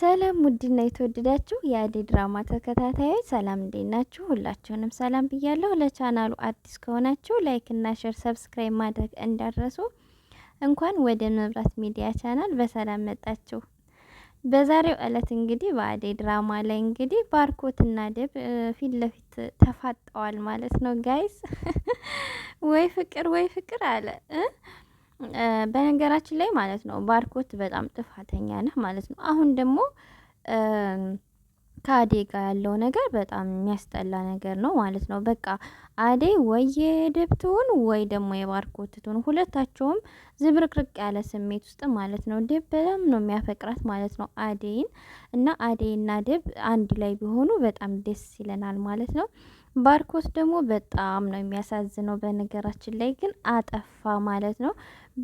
ሰላም ውድና የተወደዳችሁ የአዴ ድራማ ተከታታዮች ሰላም እንዴት ናችሁ? ሁላችሁንም ሰላም ብያለሁ። ለቻናሉ አዲስ ከሆናችሁ ላይክ እና ሸር ሰብስክራይብ ማድረግ እንዳረሱ። እንኳን ወደ መብራት ሚዲያ ቻናል በሰላም መጣችሁ። በዛሬው እለት እንግዲህ በአዴ ድራማ ላይ እንግዲህ ባርኮትና ደብ ፊት ለፊት ተፋጠዋል ማለት ነው። ጋይስ ወይ ፍቅር ወይ ፍቅር አለ በነገራችን ላይ ማለት ነው ባርኮት በጣም ጥፋተኛ ነህ ማለት ነው። አሁን ደግሞ ከአዴ ጋር ያለው ነገር በጣም የሚያስጠላ ነገር ነው ማለት ነው። በቃ አዴ ወይ የደብ ትሆን ወይ ደግሞ የባርኮት ትሆን፣ ሁለታቸውም ዝብርቅርቅ ያለ ስሜት ውስጥ ማለት ነው። ደብ በጣም ነው የሚያፈቅራት ማለት ነው አዴይን እና አዴይና ደብ አንድ ላይ ቢሆኑ በጣም ደስ ይለናል ማለት ነው። ባርኮት ደግሞ በጣም ነው የሚያሳዝነው። በነገራችን ላይ ግን አጠፋ ማለት ነው።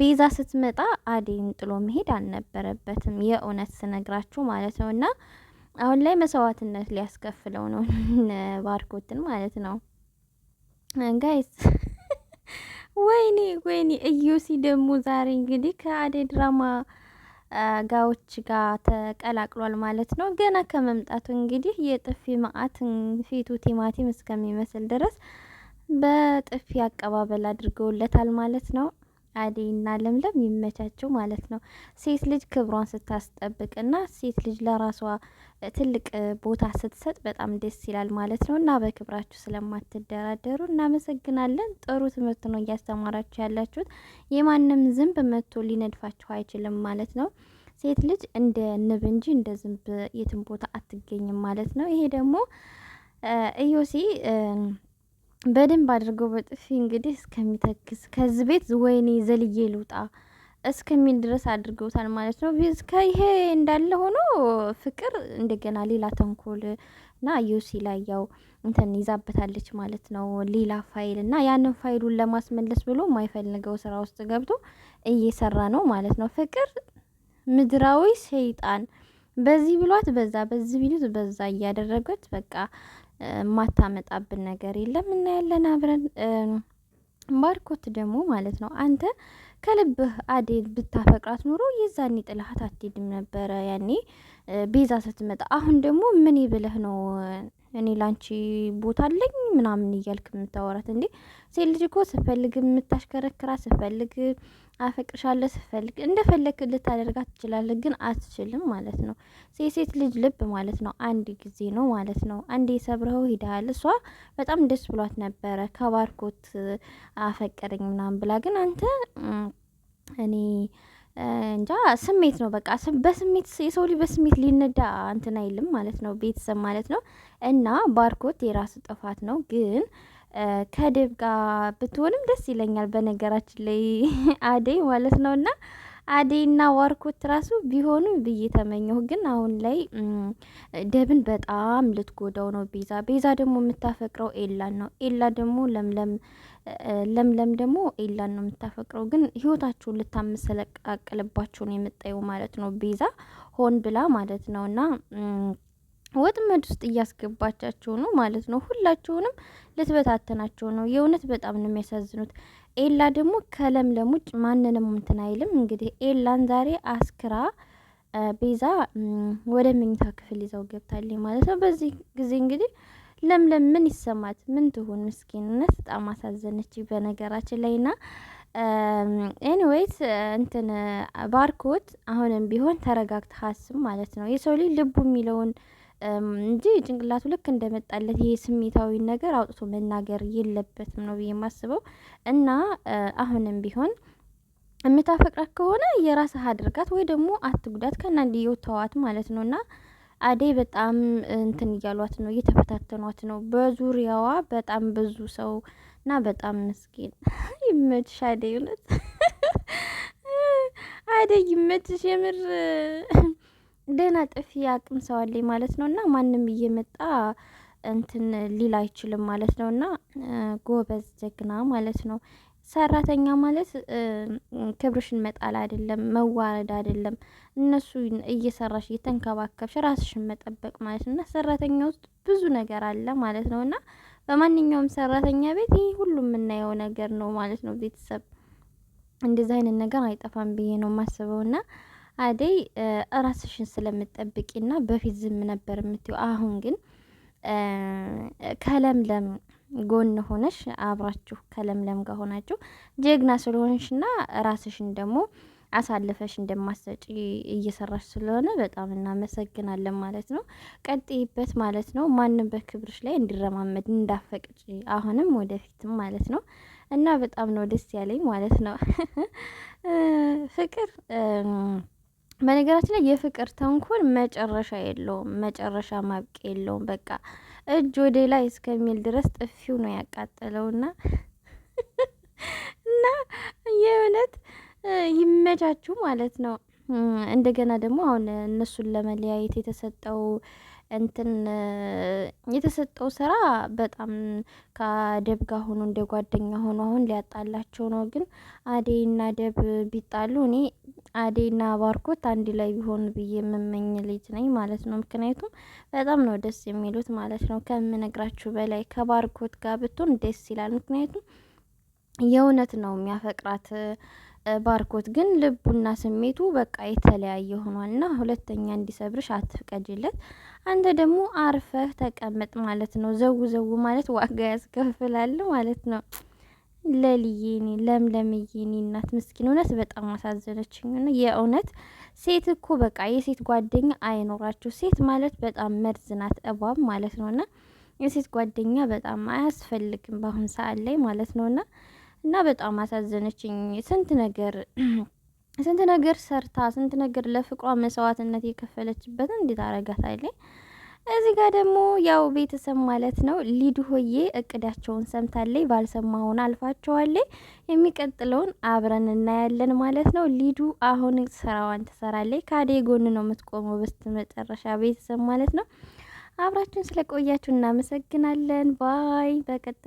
ቤዛ ስትመጣ አዴን ጥሎ መሄድ አልነበረበትም፣ የእውነት ስነግራችሁ ማለት ነው። እና አሁን ላይ መስዋዕትነት ሊያስከፍለው ነው ባርኮትን ማለት ነው ጋይስ ወይኔ ወይኔ እዩሲ ደግሞ ዛሬ እንግዲህ ከአዴ ድራማ ጋዎች ጋር ተቀላቅሏል ማለት ነው። ገና ከመምጣቱ እንግዲህ የጥፊ መዓት ፊቱ ቲማቲም እስከሚመስል ድረስ በጥፊ አቀባበል አድርገውለታል ማለት ነው። አደይና ለምለም ይመቻቸው ማለት ነው። ሴት ልጅ ክብሯን ስታስጠብቅ እና ሴት ልጅ ለራሷ ትልቅ ቦታ ስትሰጥ በጣም ደስ ይላል ማለት ነው። እና በክብራችሁ ስለማትደራደሩ እናመሰግናለን። ጥሩ ትምህርት ነው እያስተማራችሁ ያላችሁት። የማንም ዝንብ መጥቶ ሊነድፋችሁ አይችልም ማለት ነው። ሴት ልጅ እንደ ንብ እንጂ እንደ ዝንብ የትም ቦታ አትገኝም ማለት ነው። ይሄ ደግሞ እዮሴ። በደንብ አድርጎ በጥፊ እንግዲህ እስከሚተክስ ከዚህ ቤት ወይኔ ዘልዬ ልውጣ እስከሚል ድረስ አድርገውታል ማለት ነው። ይሄ እንዳለ ሆኖ ፍቅር እንደገና ሌላ ተንኮል እና ዩሲ ላይ ያው እንትን ይዛበታለች ማለት ነው። ሌላ ፋይል እና ያንን ፋይሉን ለማስመለስ ብሎ የማይፈልገው ስራ ውስጥ ገብቶ እየሰራ ነው ማለት ነው። ፍቅር ምድራዊ ሰይጣን በዚህ ብሏት በዛ፣ በዚህ ቢሉት በዛ እያደረገች በቃ የማታመጣብን ነገር የለም። እናያለን አብረን። ባርኮት ደግሞ ማለት ነው አንተ ከልብህ አዴል ብታፈቅራት ኑሮ የዛኔ ጥልሃት አትሄድም ነበረ፣ ያኔ ቤዛ ስትመጣ። አሁን ደግሞ ምን ብለህ ነው እኔ ላንቺ ቦታ አለኝ ምናምን እያልክ የምታወራት እንዴ? ሴት ልጅ እኮ ስፈልግ የምታሽከረክራ፣ ስፈልግ አፈቅርሻለሁ፣ ስፈልግ እንደፈለግ ልታደርጋት ትችላለህ፣ ግን አትችልም ማለት ነው። ሴት ልጅ ልብ ማለት ነው አንድ ጊዜ ነው ማለት ነው። አንድ የሰብረው ሂደሃል። እሷ በጣም ደስ ብሏት ነበረ ከባርኮት አፈቀረኝ ምናምን ብላ፣ ግን አንተ እኔ እንጃ ስሜት ነው በቃ በስሜት የሰው ልጅ በስሜት ሊነዳ እንትን አይልም ማለት ነው፣ ቤተሰብ ማለት ነው። እና ባርኮት የራሱ ጥፋት ነው ግን ከድብ ጋር ብትሆንም ደስ ይለኛል። በነገራችን ላይ አደይ ማለት ነው እና አዴና ዋርኮት ራሱ ቢሆኑ ብዬ ተመኘሁ። ግን አሁን ላይ ደብን በጣም ልትጎዳው ነው ቤዛ። ቤዛ ደግሞ የምታፈቅረው ኤላን ነው። ኤላ ደግሞ ለምለም ለምለም ደግሞ ኤላን ነው የምታፈቅረው። ግን ህይወታችሁን ልታመሰለቃቅልባችሁ ነው ማለት ነው ቤዛ ሆን ብላ ማለት ነው እና ወጥመድ ውስጥ እያስገባቻቸው ነው ማለት ነው። ሁላችሁንም ልትበታተናቸው ነው። የእውነት በጣም ነው የሚያሳዝኑት። ኤላ ደግሞ ከለምለም ውጭ ማንንም እንትን አይልም። እንግዲህ ኤላን ዛሬ አስክራ ቤዛ ወደ መኝታ ክፍል ይዘው ገብታለች ማለት ነው። በዚህ ጊዜ እንግዲህ ለምለም ምን ይሰማት ምን ትሁን? ምስኪንነት በጣም አሳዘነች በነገራችን ላይ ና ኤኒዌይስ እንትን ባርኮት አሁንም ቢሆን ተረጋግተህ አስብ ማለት ነው። የሰው ልጅ ልቡ የሚለውን እንጂ ጭንቅላቱ ልክ እንደመጣለት ይሄ ስሜታዊ ነገር አውጥቶ መናገር የለበትም ነው ብዬ የማስበው እና አሁንም ቢሆን የምታፈቅራት ከሆነ የራስህ አድርጋት ወይ ደግሞ አትጉዳት፣ ከእናንድ የወታዋት ማለት ነው እና አደይ በጣም እንትን እያሏት ነው፣ እየተፈታተኗት ነው። በዙሪያዋ በጣም ብዙ ሰው እና በጣም ምስኪን። ይመችሽ አደይ፣ እውነት አደይ ይመችሽ የምር ደህና ጥፊ አቅም ሰዋለኝ ማለት ነው እና ማንም እየመጣ እንትን ሊል አይችልም ማለት ነው እና ጎበዝ ጀግና ማለት ነው። ሰራተኛ ማለት ክብርሽን መጣል አይደለም፣ መዋረድ አይደለም። እነሱ እየሰራሽ እየተንከባከብሽ ራስሽን መጠበቅ ማለት ነው እና ሰራተኛ ውስጥ ብዙ ነገር አለ ማለት ነው እና በማንኛውም ሰራተኛ ቤት ይህ ሁሉ የምናየው ነገር ነው ማለት ነው። ቤተሰብ እንደዚህ አይነት ነገር አይጠፋም ብዬ ነው የማስበው እና አደይ ራስሽን ስለምጠብቂና በፊት ዝም ነበር የምትይው፣ አሁን ግን ከለምለም ጎን ሆነሽ አብራችሁ ከለምለም ጋር ሆናችሁ ጀግና ስለሆንሽና ራስሽን ደግሞ አሳልፈሽ እንደማሰጪ እየሰራሽ ስለሆነ በጣም እናመሰግናለን ማለት ነው። ቀጥይበት ማለት ነው። ማንም በክብርሽ ላይ እንዲረማመድ እንዳፈቅጭ አሁንም ወደፊትም ማለት ነው። እና በጣም ነው ደስ ያለኝ ማለት ነው ፍቅር በነገራችን ላይ የፍቅር ተንኮል መጨረሻ የለውም፣ መጨረሻ ማብቅ የለውም። በቃ እጅ ወደ ላይ እስከሚል ድረስ ጥፊው ነው ያቃጠለውና እና የእውነት ይመቻችሁ ማለት ነው። እንደገና ደግሞ አሁን እነሱን ለመለያየት የተሰጠው እንትን የተሰጠው ስራ በጣም ከደብ ጋር ሆኖ እንደ ጓደኛ ሆኖ አሁን ሊያጣላቸው ነው። ግን አዴይና ደብ ቢጣሉ እኔ አዴና ባርኮት አንድ ላይ ቢሆኑ ብዬ የምመኝ ልጅ ነኝ ማለት ነው። ምክንያቱም በጣም ነው ደስ የሚሉት ማለት ነው። ከምነግራችሁ በላይ ከባርኮት ጋር ብትሆን ደስ ይላል። ምክንያቱም የእውነት ነው የሚያፈቅራት ባርኮት ግን ልቡና ስሜቱ በቃ የተለያየ ሆኗል ና ሁለተኛ እንዲሰብርሽ አትፍቀጅለት። አንተ ደግሞ አርፈህ ተቀመጥ ማለት ነው። ዘው ዘው ማለት ዋጋ ያስከፍላል ማለት ነው። ለልዬኔ ለምለምዬኔ እናት ምስኪን እውነት በጣም አሳዘነችኝ። ነው የእውነት ሴት እኮ በቃ የሴት ጓደኛ አይኖራችሁ። ሴት ማለት በጣም መርዝ ናት፣ እባብ ማለት ነው። እና የሴት ጓደኛ በጣም አያስፈልግም በአሁን ሰዓት ላይ ማለት ነው። እና እና በጣም አሳዘነችኝ። ስንት ነገር ስንት ነገር ሰርታ ስንት ነገር ለፍቅሯ መስዋዕትነት የከፈለችበት እንዴት አረጋታለኝ? እዚህ ጋር ደግሞ ያው ቤተሰብ ማለት ነው ሊዱ ሆዬ እቅዳቸውን ሰምታለይ፣ ባልሰማሁን አልፋቸዋለይ። የሚቀጥለውን አብረን እናያለን ማለት ነው። ሊዱ አሁን ስራዋን ትሰራለይ፣ ካዴ ጎን ነው የምትቆመው በስተ መጨረሻ ቤተሰብ ማለት ነው። አብራችሁን ስለቆያችሁ እናመሰግናለን። ባይ በቀጣይ